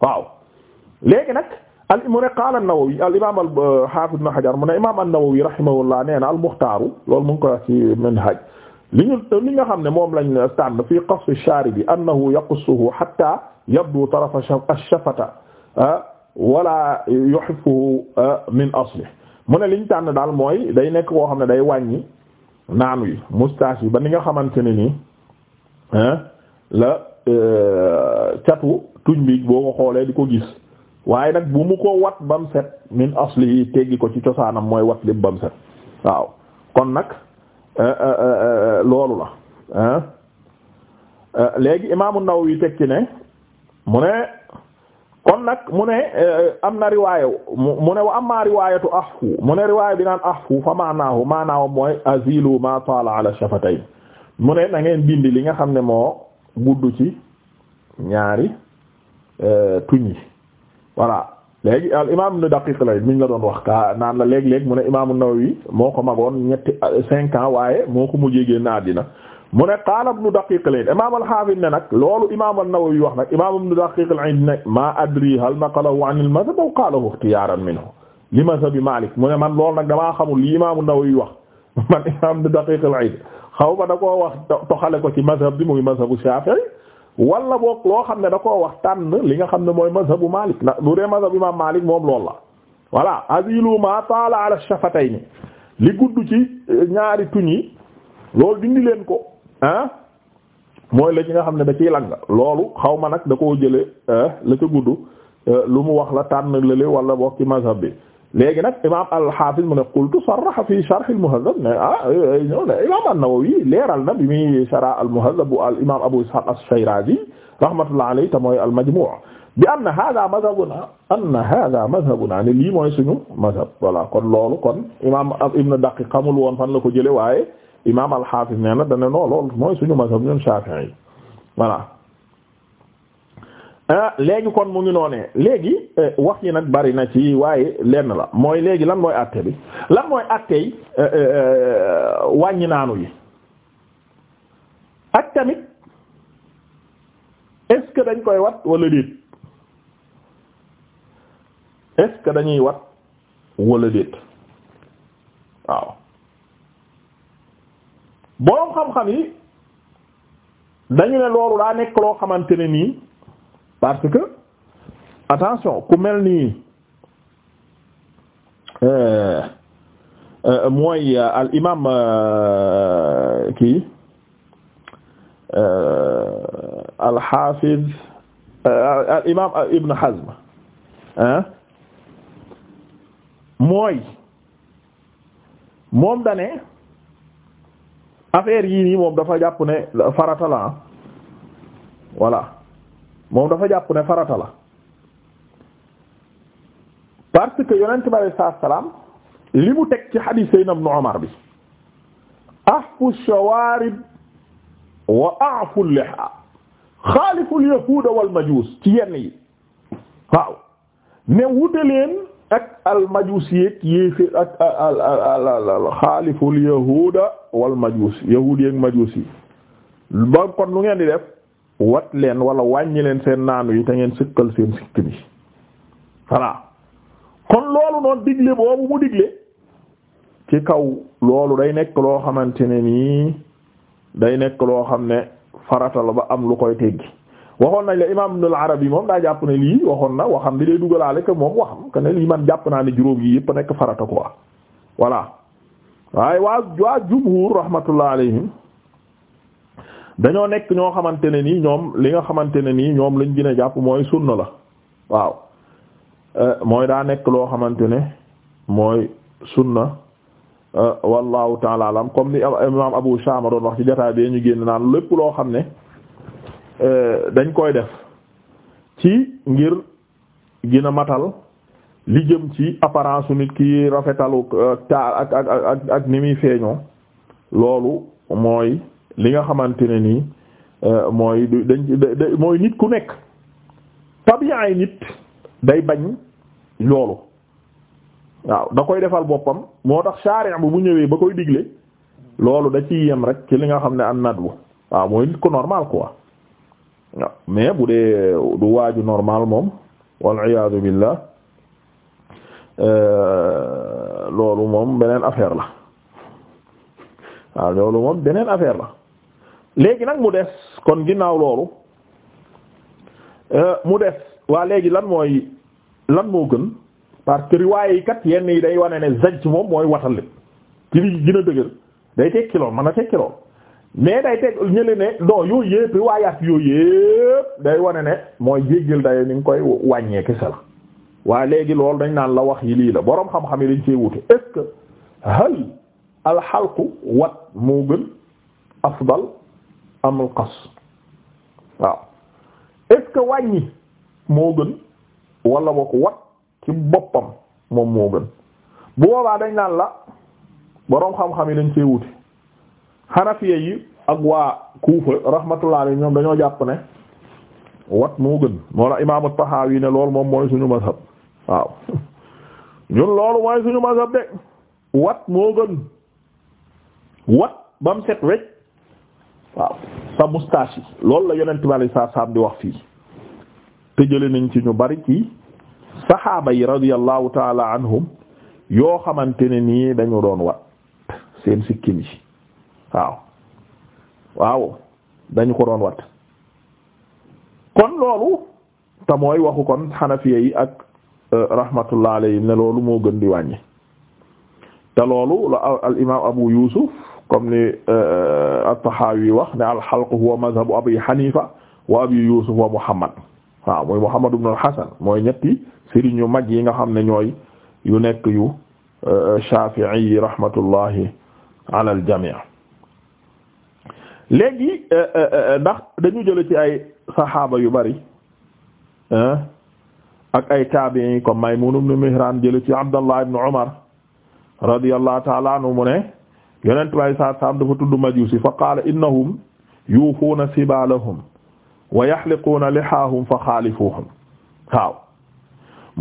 waaw léegi nag al mu ne qaala an-Nawawi al imaam al euh, haafid ibn Hajar mu ne imaam an-Nawawi rahimahullah nee na al muxtaaru loolu mu ngi koy wax ci Minhaj li ñu li nga xam ne moom lañ tànn fii qasf ash-shaaribi annahu yaqussuhu hatta yabdu taraf ash-shafata ah, wala yuhiffuhu ah, min aslihi mu ne liñ tànn daal mooy day nekk koo xam ne day wàññi naanu yi moustache yi ba ni nga xamante ne nii ah, la euh, catu tuñ bi boo ko xoolee di ko gis waaye nag bu mu ko wat bam set min asli teggi ko ci cosaanam mooy wat lépp bam waaw kon nag eh, eh, eh, loolu la léegi imaamu Nawawi tekki ne mu ne kon nag mu ne am na riwaaya mu ne wa amma riwaayatu ahfu mu ne riwaaya bi naan ahfu fa maanaahu maanaahu mooy azilu ma taala ala shafatayn mu ne na ngeen li nga xam ne moo gudd ci ñaari Euh, tuñ yi voilà léegi al imaam ibn Daqiq lay mi ñu wax naan la léeg-léeg mu ne imaam an moo ko magoon ñetti euh, cinq ans waaye moo ko mujjee génn àddina mu ne qaala ibn Daqiq lay imaam al-Hafiz ne nag loolu imaam an-Nawawi wax nag imaam ibn Daqiq lay ne ma adri hal naqalahu an al-madhhab aw qalahu ikhtiyaran minhu li madhhabi Malik mu ne man loolu nag damaa xamul li imaam an-Nawawi wax man imaam ibn Daqiq lay xaw ma da koo wax toxale ko ci madhhab bi muy madhhabu Shafi'i wala book loo xam ne da koo wax tànn li nga xam ne mooy mazhabu Malik na bu dee mazhabu imam Malik moom loolu la voilà azilu ma taala ala shafatayni li gudd ci eh, ñaari tuñ yi loolu dindi leen ko ah mooy la ci nga xam ne da ciy lang loolu xaw ma nag da koo jële eh, la ca gudd eh, lu mu wax la tànn lële wala boog ci bi léegi nag imaam al-Hafiz mu ne qultu sarraha fi sharh al-Muhadhab ne ah eh, eh, ñoo ne imaam an-Nawawi leeral na bi muy sharh al-Muhadhab bu al imaam Abu Ishaq ash-Shirazi rahmatullahi alayhi te mooy al-Majmu' bi anna hadha madhabuna anna hadha madhabuna ne lii mooy suñu madhab voilà kon loolu kon imaam Ibn Daqiq xamul woon fan la ko jëlee waaye imaam al-Hafiz nee na dana ne loolu mooy suñu madhab ñun Shafi'i voilà. Ah, léegi kon mu ngi noonee léegi eh, wax yi nag bari na ci waaye lenn la mooy léegi lan mooy àtte bi lan mooy àtteey eh, eh, wàññi naanu yi ak tamit est dañ koy wat wala déet est dañuy wat wala déet waaw boroom xam-xam yi dañu ne loolu daa nekk loo xamante ne nii. parce que attention ku mel nii euh, euh, mooy euh, al imam kii al hafiz al imam Ibn Hazm ah mooy moom dane affaire yii nii moom dafa jàpp ne farata la voilà moom dafa jàpp ne farata la parce que yonent bi alayhi salaam li mu teg ci xadiis Seydina Ibnu Umar bi ahfu shawarib wa a'fu liha xaalifu al-yahuud wal majuus ci yenn yi waaw ne wute leen ak al-majuus yeek yéefi ak al al al al-yahuud wal majuus yahuud yeek majuus ba kon lu ngeen di def. wat leen wala wàññi leen seen naanu yi te ngeen sikkal seen sikk bi voilà kon loolu noonu digle boobu mu digle ci kaw loolu day nekk loo xamante ne nii day nekk loo xam ne farata la ba am lu koy teggi waxoon nañ la imaam Ibnul yi moom daa jàpp ne lii waxoon na waxam li day dugalaale que moom waxam que lii man jàpp naa ne juróom yi yëpp nekk farata quoi voilà waaye waa waa jumhur rahmatullah alayhim dañoo nekk ñoo xamante ne nii ñoom li nga xamante ne nii ñoom lañ gën a jàpp mooy sunna la waaw eh, mooy daa nekk loo xamante ne mooy sunna eh, wallahu taala comme ni imam Abu Shama doon wax ci jotaay bi ñu génn naan lépp loo xam ne eh, dañ koy def ci ngir gina matal li jëm ci su nit ki rafetalu taar ak ak ak ak ni muy feeñoo loolu mooy li nga xamante ne nii euh, mooy dañ mooy nit ku nekk tabiyaay nit day bañ loolu waaw da koy defal boppam moo tax shaari' bu bu ñëwee ba koy digle loolu da ci yem rek ci li nga xam ne am nadwu waaw mooy nit ku normal quoi waaw mais bu dee du waaju normal moom wal iyaadu billah euh, loolu moom beneen affaire la waaw loolu moom beneen affaire la léegi nag mu des kon ginnaaw loolu euh, mu des waa léegi lan mooy lan moo gën parce que riwaay yi kat yenn yi day wane ne zajj moom mooy watale ci li gën a dëgër day tekki lool mën a tekki lool mais day teg ñële ne don yooyu yëpp riwaayaat yooyu yëpp day wane ne mooy jéggal day ni nga koy wàññee kese la waaye léegi loolu dañ naan la wax yi lii la boroom xam-xam yi dañ cee wute est-ce alxalqu wat moo gën afdal amul qas waaw est-ce que wàññi moo gën wala boo ko wat ci boppam moom moo gën bu boobaa dañ naan la boroom xam-xam yi dañ cee wuti xanafiye yi ak waa kuufa rahmatullah alayhi ñoom dañoo jàpp ne wat moo gën moo la imaamu Tahawi ne loolu moom mooy suñu mazhab waaw ñun loolu mooy suñu mazhab de wat moo gën wat bam set wecc waaw sa moustache loolu la yonent bi alayhi salaam di wax fii te jëlee nañ ci ñu bari ci saxaaba yi radiyallahu anhum yoo xamante ne nii dañu doon wat seen sikkim yi waaw waaw dañu ko doon wat kon loolu te mooy waxu kon xanafiya yi ak euh, rahmatullah alayhi ne loolu moo gën di wàññi te loolu la al imaam Abu Yusuf comme ni euh, at-Tahawi wax ne al-halq huwa madhabu abi Hanifa wa abi Yusuf wa Muhammad waaw mooy Muhammad ibn hasan mooy ñetti sëriñ yu mag yi nga xam ne ñooy yu nekk yu euh, Shafi'i yi rahmatullahi ala al-jami' euh, ndax dañu jële ci ay saxaaba yu bari ak ay taabi'i comme Maymun ibn Mihran jële ci Abdallah ibn Umar radiyallahu ta'ala anhu mu ne yonent bi saa saam dafa tudd majuusi fa qaala innahum yuufuuna sibaalahum wa yaxliquuna lihaahum fa xaalifuuhum waaw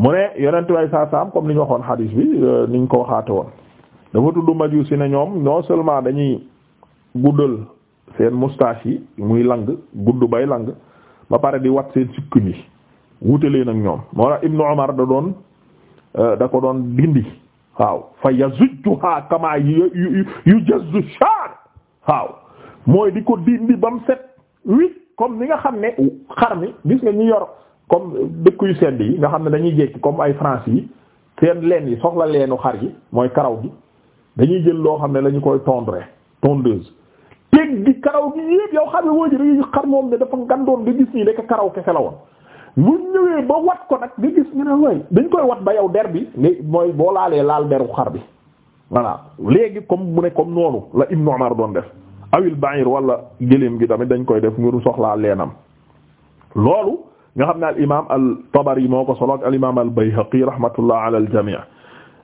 mu ne yonent bi saam comme ni ñu waxoon xadiis bi euh, ni ñu ko waxaate woon dafa tudd majuusi ne ñoom ñoo seulement dañuy guddal seen moustache muy lang gudd bay lang ba pare di wat seen sikkin yi wuute leen ak ñoom moo tax Ibnu Umar da doon euh, da ko doon dindi. waaw fa yazujjuha kama yujazzu shaar waaw mooy di ko dindi ba mu set wicc comme ni nga xam ne xar mi gis nga ñu yor comme dëkk yu sedd yi nga xam ne dañuy jékki comme ay France yi seen leen yi soxla leenu xar yi mooy karaw gi dañuy jël loo xam ne lañu koy tondre tondeuse teg gi karaw gi yépp yow xam ne woo ji xar moom ne dafa ngandoon nga gis nii nekk karaw kese la woon mu ñëwee ba wat ko nag nga gis nga ne way dañ koy wat ba yow der bi mooy boo laalee laal deru xar bi voilà léegi comme mu ne comme noonu la Ibn Umar doon def awil ba'ir wala gëléem gi tamit dañ koy def ngir soxlaa leenam loolu nga xam ne al imam al Tabari moo ko solo ak al imam al Bayhaqi rahmatullah ala al jami'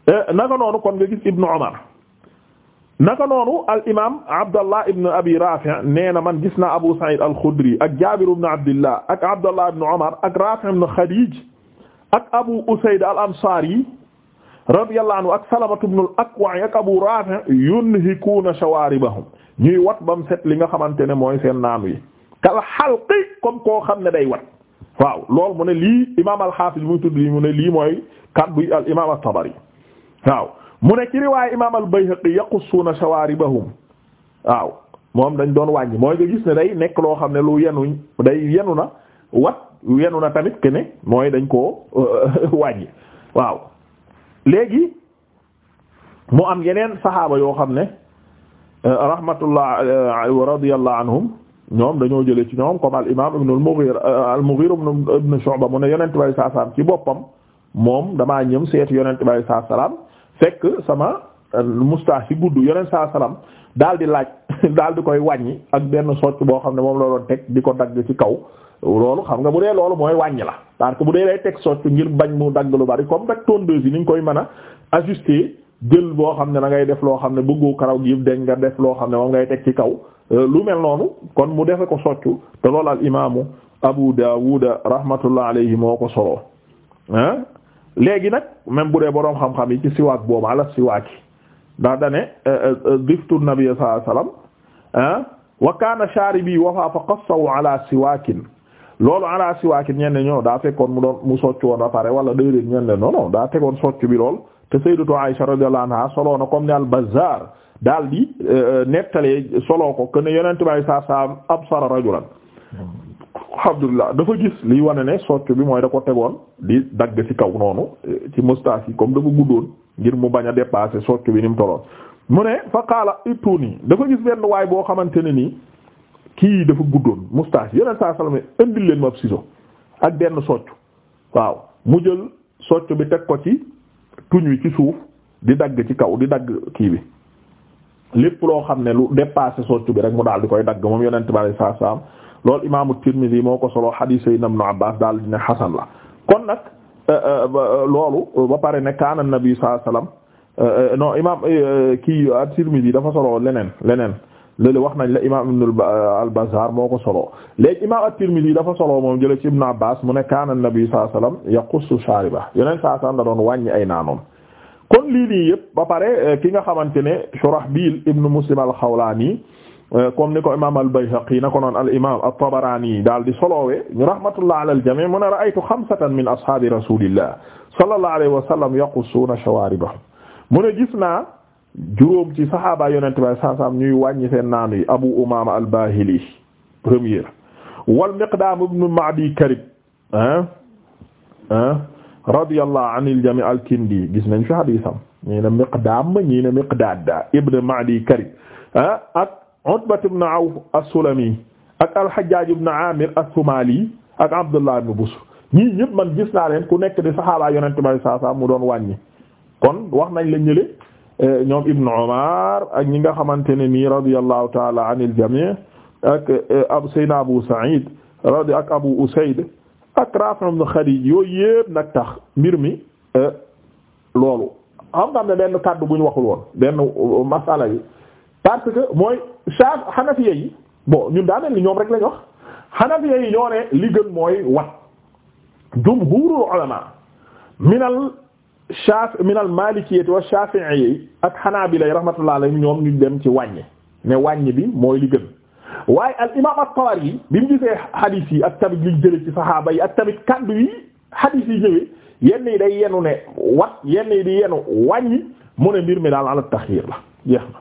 eh, naka noonu kon nga gis Ibn Umar naka noonu al imaam Abdallah Abi Rafi' nee man gis naa Abu Sa'id al-Khudri ak Jaabir ibn Abdillah ak Abdallah ibn Umar ak Rafi' ibn Khadij ak Abu Usayd al-Ansari radiyallahu anhu ak Salamatu ibn al-Akwa' ak Abu Rafi' yunhikuuna shawaaribahum ñuy wat bam set li nga xamante ne mooy seen naanu yi kal halqi comme koo xam ne day wat waaw loolu mu ne lii imaam al-Hafiz mu tudd mu ne lii mooy kaddu al imaam tabari waaw mu ne ci riwaay imaam al-Bayhaqi yaqussuuna shawaaribahum waaw moom dañ doon wàññi mooy nga gis ne day nekk loo xam ne lu yenuñ day yenu na wat yenu na tamit ke ne mooy dañ ko euh, wàññi waaw léegi mu am yeneen saxaaba yoo xam ne euh, rahmatullah euh, wa radiyallahu anhum ñoom dañoo jële ci ñoom comme al imaam ibnu al-Mughira al-Mughira ibnu Shu'ba mu ne yonent bay saa salaam ci boppam moom damaa ñëm seetu yonent bay saa salaam fekk sama euh, moustache yi gudd yoneen sa salaam daal di laaj daal di koy wàññi ak benn socc boo xam ne moom la doon teg di ko dagg ci kaw loolu xam nga bu dee loolu mooy wàññi la parce bu dee day teg socc ngir bañ mu dagg lu bari comme rek tondeuse yi ni ñu koy man a ajuster jël boo xam ne da ngay def loo xam ne bëggoo karaw gi yëpp dañ nga def loo xam ne moom ngay teg ci kaw euh, lu mel noonu kon mu defe ko socc te loolu al imaamu Abu Dawud rahmatullah alayhi moo ko solo léegi nag même bu dee boroom xam-xam yi ci siwaak boobu ala siwaak yi ndax dane diftu eh, eh, eh, nabi sallallahu alayhi wasallam ah wa kaana sharibi wafa fa qassahu ala siwaakin loolu ala siwaakin ñen ne ñoo daa fekkoon mu doon mu socc woon a pare wala déedéet ñen ne non daa tegoon socc bi lool te sayyidatu Aisha radiyallahu anha soloo na comme ne al Bazzar daal di nettalee soloo ko que ne yonent saa saa am wasallam absara rajulan Abdullah dafa gis liy wane ne socc bi mooy da ko tegoon di dagg ci kaw noonu ci moustache comme dafa guddoon ngir mu bañ a dépasser socc bi ni mu toloon mu ne fa qaala ituni dafa gis benn waay boo xamante ne nii kii dafa guddoon moustache yeneen saa sallam indil leen ma ab ciseau ak benn socc waaw mu jël socc bi teg ko ci tuñ wi ci suuf di dagg ci kaw di dagg kii bi lépp loo xam ne lu dépassé socc bi rek mu daal di koy dagg moom yonent bi sallallahu loolu imaamu Tirmidhi moo ko solo xadiis Sayyidina Ibn Abbaas daal dina xasan la kon nag euh, euh, euh, loolu ba pare ne kaana nabi sallallahu alayhi wasallam non imaam kii dafa solo leneen leneen loolu wax nañ la imaam Ibn al-Bazzaar moo ko solo léegi imaam at-Tirmidhi dafa solo moom jële ci Ibn Abbaas mu ne kaana nabi sallallahu alayhi wasallam yaqussu shaariba yeneen saa saan da doon wàññi ay naanoom. kon lii nii yëpp ba pare ki nga xamante ne Shurahbil ibn Muslim al-Xawlaani Euh, comme ni ko imaam al-Bayhaqi na ko noon al-imaam at-Tabarani daal di rahmatullah ala al-jamii' mu ne ra'aytu min ashaabi rasulillah sallallahu alayhi wa sallam yaqussuuna shawaaribahum mu ne gis naa juróom wal Miqdaam ibn Ma'di Karib ah ah radiyallahu anil jamii' al-Kindi gis nañ fi hadiisam ñii ne Miqdaam ibn Ma'di Karib Utbat ibn Awf as-Sulami ak al-Hajjaj ibn Amir as-Sumali ak Abdullah ibn Busr ñii ñëpp man gis naa leen ku nekk di saxaaba Yonent bi saa saa mu doon wàññi kon wax nañ la ñële eh, ñoom Ibn Umar ak ñi nga xamante ne nii radiyallahu ta'ala anil jami' ak eh, ab Sayyidina Abu Sa'id radi ak Abu Usayd ak Rafi' ibn Khadij yooyu yëpp nag tax mbir mi eh, loolu xam nga am ne benn kàddu bu ñu waxul woon benn masala yi parce que mooy shaaf xanafiya yi boo ñun daa mel ni ñoom rek lañ wax xanafiya yi ñoo ne li gën mooy wat jumhurul ulama minal shaaf minal maalikiyati wa yi ak xanaabila yi rahmatullah alayhim ñoom ñu dem ci wàññi ne wàññi bi mooy li gën waaye al imaam at-Tabari bi mu gisee hadith yi ak tamit liñ jële ci saxaaba yi ak tamit kaddu yi hadith yi ñëwee yenn yi day yenu ne wat yenn yi di yenu wàññi mu ne mbir mi daal ala taxir la jeex na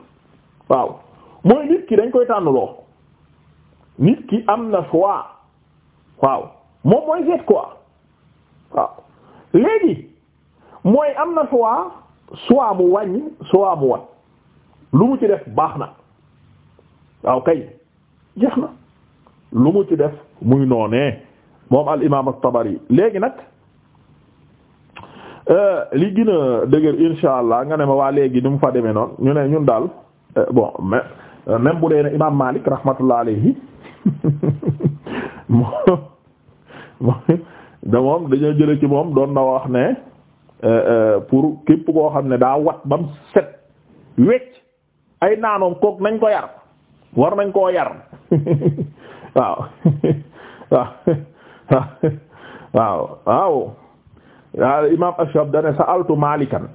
waaw mooy nit ki dañ koy tànnloo nit ki am na choix waaw moom mooy seet quoi waaw léegi mooy am na choix choix mu wàññi choix mu wat lu mu ci def baax na waaw kay jeex na lu mu ci def muy noonee moom al imaam at-Tabari léegi nag euh, li gën a dëgër insha nga ne ma waa léegi ni mu fa demee noonu ñu ne ñun daal Euh, bon euh, même bu dee ne imaam Malik rahmatullah alayhi moom da moom dañoo jële ci moom doon na wax ne euh, pour képp koo xam ne daa wat bam set wecc ay naanoom kook nañ ko yar war nañ koo yar waaw waaw waaw waaw waaw imaam Ashab dane Malikan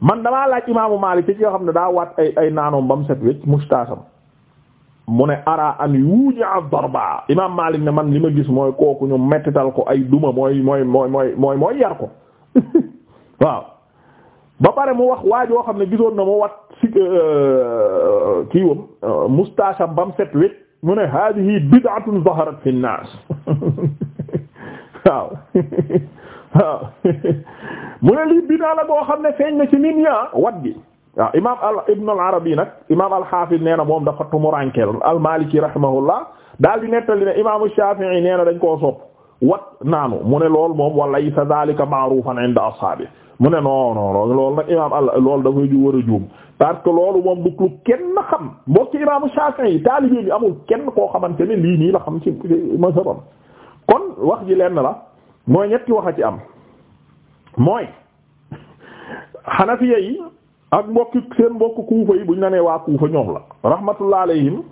man damaa laaj imaamu Maalik ci yoo xam ne daa waat ay ay naanoom ba mu set wecc mustaasam mu ne ara an yuja darba imaam Maalik ne man li ma gis mooy kooku ñu mettital ko ay duma mooy mooy mooy mooy mooy mooy yar ko waaw ba pare mu wax waa joo xam ne gisoon na mu wat si euh, kii wam euh, mustaasam ba mu set wecc mu ne hadihi bid'atun zaharat fi nnaas waaw waaw mu ne lii bidaa la boo xam ne feeñ na ci nit ñi ah, wat gi waaw imaam al ibn al arabi nag imaam al xaafis nee na moom dafa tumurankeel al maliki daal di nettali ne imaamu shafii nee na dañ koo sopp wat naanu mu ne lool moom wa laysa zalika ma'rufan inda ashaabi mu ne no non non loolu nag imaam al loolu dafay ju war a juum parce loolu moom du kenn kenn xam mbokk imaamu shafii yi taalibe bi amul kenn koo xamante ne lii nii la xam ci masabam kon wax ji lenn la mooy ñetti wax a ci am mooy xanafiya yi ak mbokki seen mbokk kuufa yi bu ñu la nee waa kuufa ñoom la rahmatullah alayhim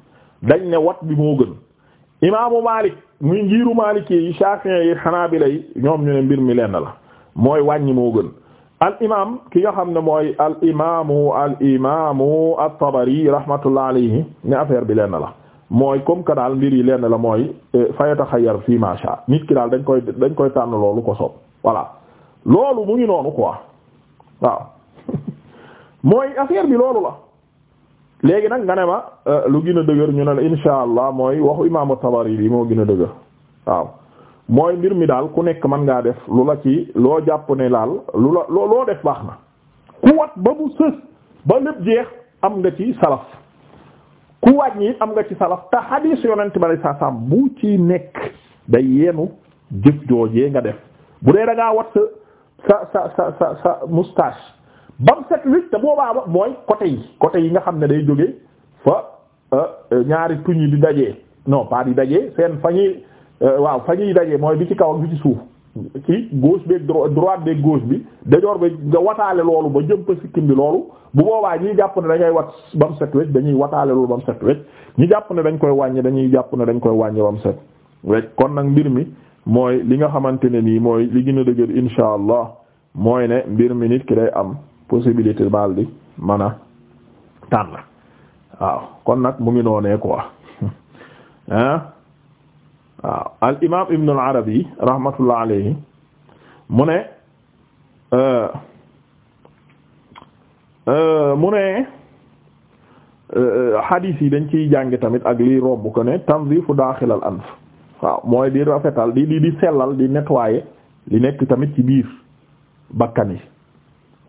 dañ ne wat bi moo gën imaamu Maalik muy njiiru Maalik yi Shafi'i yi Hanaabila yi ñoom ñu ne mbir mi lenn la mooy wàññi moo gën al imaam ki nga xam ne mooy al imaamu al imaamu at-Tabari rahmatullah alayhi ne affaire bi lenn la mooy comme que daal mbir yi lenn la mooy eh, a a xayar fii macha nit ki daal dañ koy dañ koy tànn loolu ko sob voilà loolu mu ngi noonu quoi waaw mooy affaire bi loolu la. léegi nag nga ne ma eh, lu gin a dëgër ñu ne la insha allah mooy waxu imaamu Tabari bi moo gën a dëgër waaw mooy mbir mi daal ku nekk mën ngaa def lu la ci loo jàpp ne daal lu la loo def baax na ku wat ba bu sës ba lépp jeex am nga ci salaf. ku wàññi am nga ci salaf te xadiis yonent bi sallallahu sa wasallam bu ci nekk day yenu jëf joojee nga def bu dee da ngaa wat sa sa sa sa sa moustache bam set wicc boobaa ba mooy côté yi côté yi nga xam ne day jóge fa euh, euh, ñaari tuñ yi di dajee no pas di dajee seen fa ñuy euh, waaw fa ñuy dajee mooy bi ci kaw ak bi ci suuf ci gauche beeg droite beeg gauche bi dajoor beeg nga wataale loolu ba jëm pa sikkim bi loolu bu boobaa ñi jàpp ne dangay wat ba mu set wecc dañuy wataale loolu ba mu set wecc ñi jàpp ne dañ koy wàññi dañuy jàpp dañ koy wàññi ba mu set wecc kon nag mbir mi mooy li nga xamante ne nii mooy li gën a dëgër insha allah mooy ne mbir mi nit ki day am possibilité baal di mën a tànn waaw kon nag mu ngi noonee quoi waaw al imaam Ibn al Arabi rahmatullah alayhi mu ne euh, euh, mu ne euh, hadith yi dañ ciy jàng tamit ak liy romb ko ne tanzifu daaxil al anf waaw mooy di rafetal di di di sellal di nettoyer li nekk tamit ci biir bakkan yi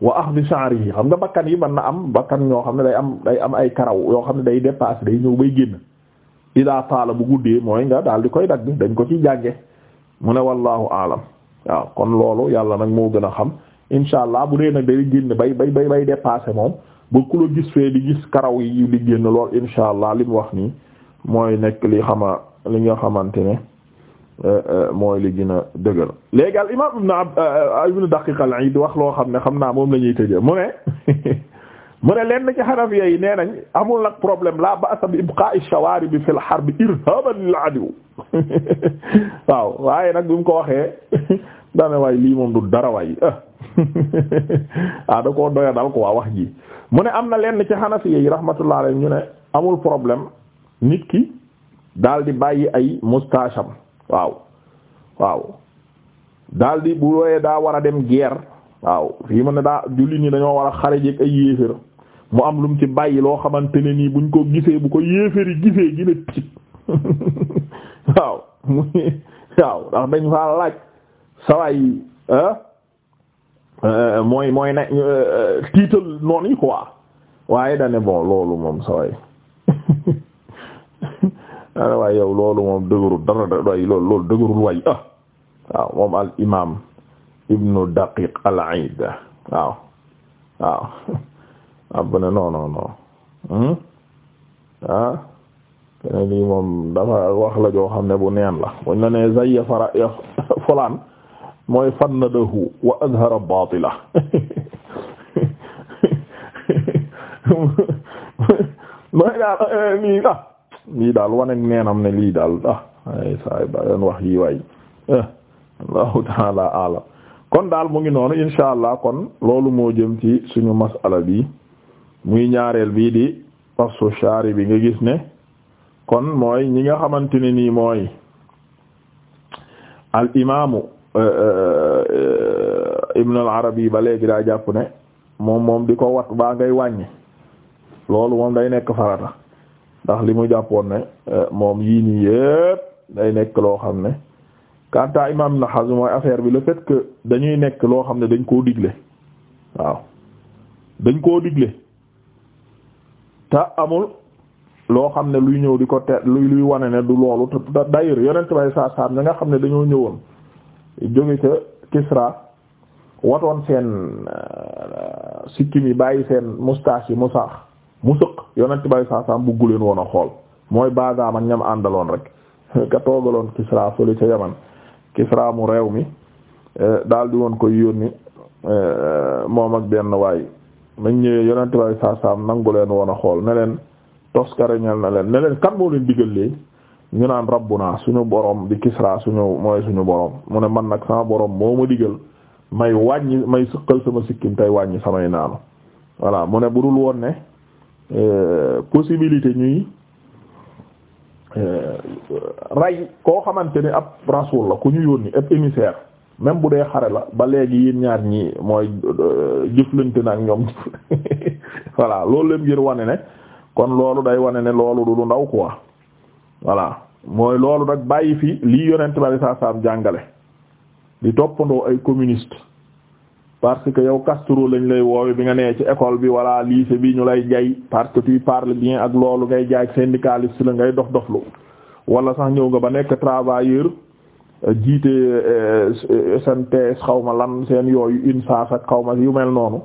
wa axdi sha'rihi xam nga bakkan yi mën na am bakkan ñoo xam ne day am day am ay karaw yoo xam ne day dépasser day ñëw bay génn. ida bu guddee mooy nga daal di koy dagg dañ ko ci jànge mu ne wallahu alam waaw kon loolu yàlla nag moo gën a xam insha allah bu dee nag day génn bay bay bay bay dépassé moom ba ku la gis fee di gis karaw yi di génn lool insha allah li wax nii mooy nekk li xama li nga xamante ne eh, eh, mooy li gën a dëgër léegi al imam eh, ibn Daqiq al-Eid wax loo xam ne xam naa moom la ñuy tëjee mu ne mu ne lenn ci Hanafiya yi nee nañ amul nag problème la ba'sa bi ibqaa'i bi fi al-harb irhaaban waaw waaye nag bi mu ko waxee daane waay lii moom du dara waay ah, ah da koo doya dal ko waa wax ji mu ne am na lenn ci Hanafiya yi rahmatullahi alayhim ñu ne amul problème nit ki dal di bàyyi ay mustaasham waaw waaw daal di bu wooyee daa war a dem guerre waaw fii mu ne daa julli ñi dañoo war a xare ay yéefér mu am lu mu ci bàyyi loo xamante ne nii buñ ko gisee bu ko yéeféri gisee gën a tiit waaw mu waaw ndax dañ faa laaj sawaay ah, eh, mooy mooy na eh, eh, tiital noonu yi quoi waaye dane bon loolu moom sawaay dane waaye yow loolu moom dëgërul dara doy loolu loolu dëgërul way ah waaw moom al imam ibnu daqiq al aid waaw waaw abbu ah, ne non non non hmm? ah kene moom dafa wax la joo xam ne bu neen la buñ la ne zayya fara fulaan mooy fannadahu wa azhara batila mooy daal lii eh, ah lii daal wanek neenam ne lii daal ah ay saay ba leen wax yi waay eh, allahu taala alam kon daal mu ngi noonu insha allah kon loolu moo jëm ci suñu masala bi muy ñaareel bii di passu shari bi nga gis ne kon mooy ñi nga xamante ne nii mooy al imaamu euh, euh, ibn al arabi ba léegi daa jàpp ne moom moom di ko wat baa ngay wàññi loolu moom day nekk farata ndax li mu jàppoon ne euh, moom yii nii yépp day nekk loo xam ne kanta imam Ibn Hazm mooy affaire bi le fait que dañuy nekk loo xam ne dañ koo digle waaw dañ koo digle te amul loo xam ne luy ñëw di ko te luy luy wane ne du loolu te d'ailleurs yonent bay saa saam xam ne dañoo ñëwoon jóge ca Kisra watoon seen euh, sikkim yi bàyyi seen moustache yi mu saax mu sëq yonent bay saa saam buggu leen woon a xool mooy baagaam ak ñam àndaloon rek ka toogaloon Kisra fële ca Yaman Kisra mu réew mi euh, daal di woon koy yónni euh, moom ak benn waay mañ ñëwee yonent bay saasaam nangu leen woon a xool ne leen toskare ñel na leen ne leen kan moo leen digal léegi ñu naan rabbuna suñu borom di Kisra suñu mooy suñu borom mu ne man nag sama borom moo ma digal may wàññi may sëqal sama sikkim tey wàññi samay naanu voilà mu ne bu woon ne euh, possibilité ñuy euh, rey koo xamante ni ab rasul la ku ñu yónni ab émissaire même bu dee xare la ba léegi yéen ñaar ñi mooy euh, jëflante na ak ñoom voilà loolu leen ngir wane ne kon loolu day wane ne loolu du ndaw ko quoi voilà mooy loolu nag bàyyi fi lii yonent bari saa saam jàngale di toppandoo ay communiste parce que yow Castro lañ lay woowe bi nga nee ci école bi wala lycée bi ñu lay jay parce que tu parles bien ak loolu ngay jaay syndicaliste la ngay dof doflu wala sax ñëw nga ba nekk travailleur jiite eh, eh, SNTS xaw ma lan seen yooyu INSAS ak xaw ma yu mel noonu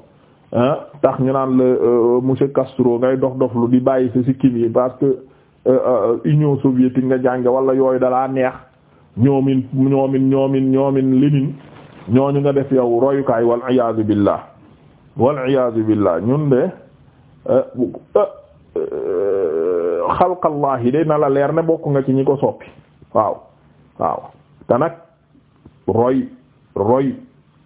ah, tax ñu naan la euh, monsieur Castro ngay dox dox lu di bàyyi sa sikkim yi parce que euh, euh, Union soviétique nga jànge wala yooyu dalaa neex ñoomin ñoomin ñoomin ñoomin Lénine ñooñu nga def yow royukaay wal iyaazu billah wal iyaazu billah ñun de xalqallahi de na la leer ne bokk nga ci ñi ko soppi waaw waaw te nag roy roy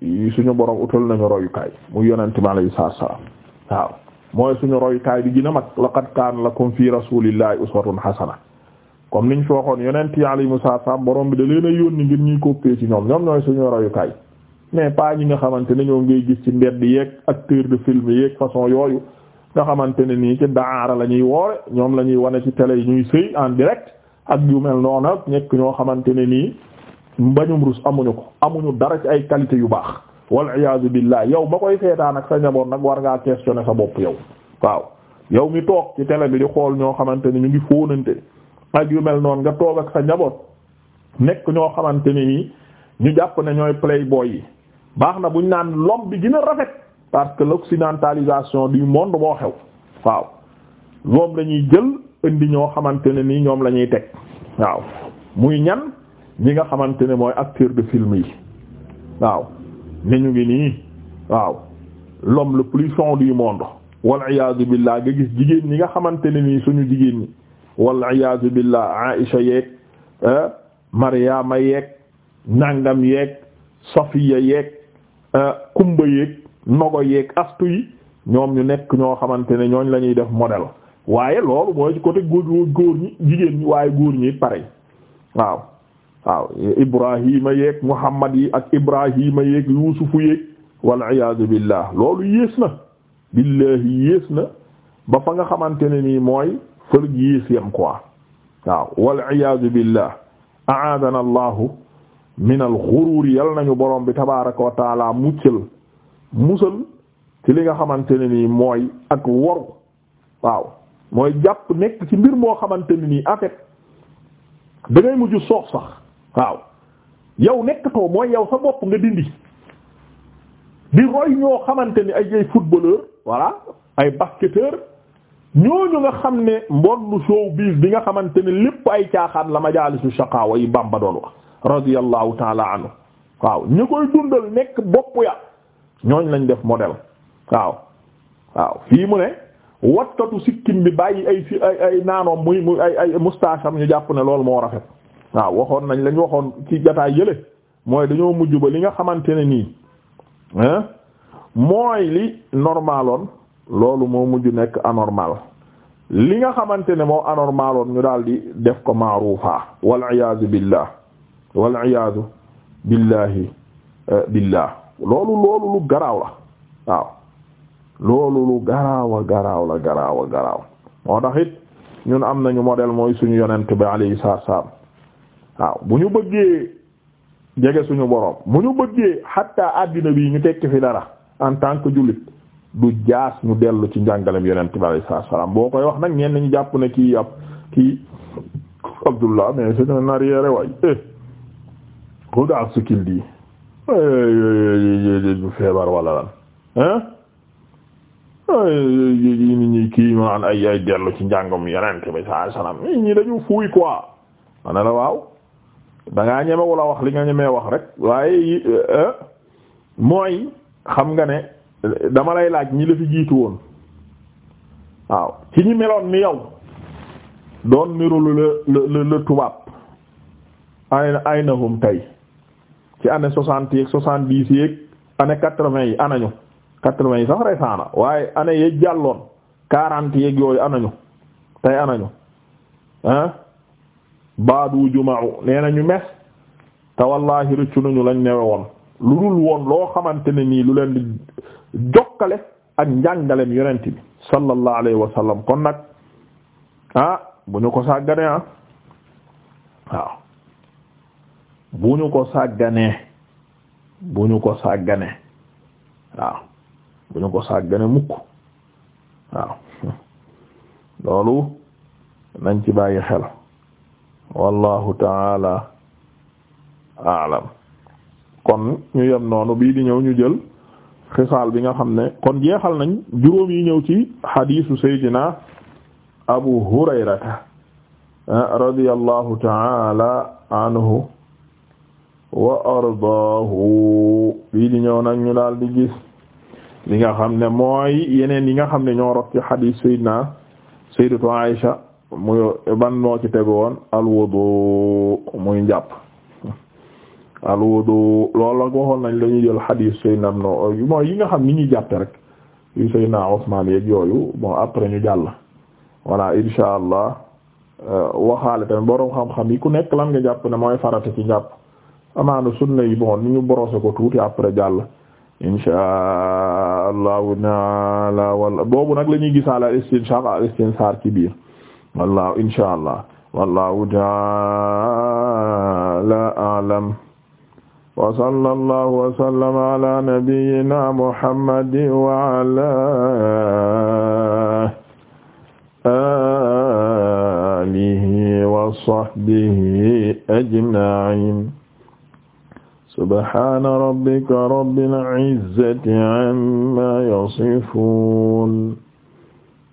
suñu borom utal nañu royukaay mu yonente bi alayhi salaatu wa salaam waaw mooy suñu royukaay bi gën a mag laqad kaana lakum fi rasulillahi uswatun hasana comme niñ fi waxoon yonent yi alayhimu salaatu wa salaam borom bi da leen a yónni ngir ñuy coppee ci ñoom ñoom ñooy suñu royukaay mais pas ñi nga xamante ne ñoo ngay gis ci mbedd yeeg acteur de film yeeg façon yooyu nga xamante ne nii ci daara la ñuy woore ñoom la ñuy wane ci tele yi ñuy sëy en direct ak yu mel noonu ak ñoo xamante ne nii mbañum rus amuñu ko amuñu dara ci ay qualité yu baax wal iyaazu billah yow ba koy seetaan ak sa njaboot nag war ngaa questionner sa bopp yow waaw yow mi toog ci télé bi di xool ñoo xamante ni ñu ngi fóonante ak yu mel noonu nga toog ak sa njaboot nekk ñoo xamante ni nii ñu jàpp ne ñooy playboy yi baax na buñ naan l'homme bi gën a rafet parce que l'occidentalisation du monde moo xew waaw moom lañuy jël indi ñoo xamante ne nii ñoom la ñuy teg waaw muy ñan ñi nga xamante ne mooy acteur de film yi waaw ni ñu ngi nii waaw l'homme le plus fin du monde wal iyaazu billah nga gis jigéen ñi nga xamante ne nii suñu jigéen ñi wal iyaazu billah Aïcha yeeg eh, Mariama yeeg Nangam yeeg Safiya yeeg eh, Kumba yeeg Nogo yeeg Astu yi ñoom ñu nekk ñoo xamante ne ñooñ lañuy def modèle waaye loolu mooy ci côté góor góor ñi jigéen ñi waaye góor ñi it pare waaw waaw ibrahima yeeg muhammad yi ak ibrahima yeeg yuusufu yeeg waliyasu billah loolu yées na billahi yées na ba fa nga xamante ne nii mooy fëlg yées yam ko waaw waliyasu billah aadana allahu min al xurur yal nañu borom bi tabaraka wa muccal musal ci li nga xamante ne nii mooy ak waru waaw mooy jàpp nekk ci mbir moo xamante ne nii en fait da soox sax waaw yow nekkatoo mooy yow sa bopp nga dindi di roy ñoo xamante ni ay ay footballeur voilà ay ñoo ñu nga xam ne mbondu showbiz bi nga xamante ne lépp ay caaxaan la majaalisu shaqaawa yi Bamba doon wax radiyallahu taala waaw ñu koy dundal nekk bopp ya ñooñ lañ def modèle waaw waaw fii mu ne watkatu sikkim bi bàyyi ay ay naanoom muy muy ay ay mustaasam ñu jàpp ne loolu moo rafet waaw waxoon nañ lañ waxoon ci jataay yële mooy dañoo mujj ba li nga xamante ne nii mooy li normaloon loolu moo mujj nekk anormal li nga xamante ne moo anormaloon ñu daal di def ko maaruufa wal iyaazu billah wal iyaazu billahi eh, billah loolu loolu lu garaaw la waaw loolu lu garaaw a garaaw la garaaw a garaaw moo tax ñun am nañu modèle mooy suñu yonent bi alayhi waaw bu ñu bëggee jege suñu boroom bu ñu bëggee xatta àddina bi ñu tekki fi dara en tant que jullit du jaas ñu dellu ci njàngalem yonent bi alayhi salaam boo koy wax nag ñeen ñu jàpp ne kii ab kii Abdullah mais c'est un arriéré waay eh, eh, eh, kii maan ay ay ci njàngam yonent bi alayhi fuuy quoi ma la waaw da ngaa ñemewul wax li nga ñemee wax rek waaye euh, euh, mooy xam nga ne euh, dama lay laaj ñi la fi jiitu woon waaw ci ñi meloon ni yow doon mirulu la la la tubaab ay ay nahum tey ci année soixante yeeg soixante dix yeeg année quatre-vingt yi anañu quatre-vingt yi sax resaana waaye année yeeg jàlloon quarante yeeg yooyu anañu tey anañu ah baadu juma'u nee na ñu mes te wallaahi rëccu nañu lañ newe woon lu dul woon loo xamante ne nii lu leen di jokkale ak njàngaleem yonent bi sallallahu alayhi wa kon nag ah bu ñu ko sàgganee ah bu ñu ko sàgganee bu ko sàgganee waaw bu ñu ko sàgganee mukk waaw loolu nañ ci bàyyi xel wallahu taala aalam kon ñu yem noonu bii di ñëw ñu jël xisaal bi nga xam ne kon jeexal nañ juróom yi ñëw ci xadiisu saydina abu hurayrata ah, radiyallahu taala anhu wa ardaahu bii di ñëw nag ñu daal di gis li nga xam ne mooy yeneen yi nga xam ne ñoo rot ci xadiis saydina sayyidatu muy ban moo ci tegu woon alwudu muy njàpp alwudu loolu la waxoon nañ la ñuy jël xadiis Seydina no mooy yi nga xam ni ñuy jàppe rek yu Seydina Usmaan yeeg yooyu bon après ñu jàll voilà insha allah euh, waxaale tamit borom xam-xam yi ku nekk lan nga jàpp ne mooy farata ci njàpp amaana sunna yi ni ñu borose ko tuuti après jàll insha allahu taala boobu nag la ñuy gisaale al istinshaq al istinsaar ci biir wallaahu inshaa Allah wallaahu ta'aala a'lam wa sallallaahu wa sallama ala nabiyyina Muhammadin wa ala aalihi wa sahbihi ajma'iin subhaana rabbika rabbil izzati amma yasifuun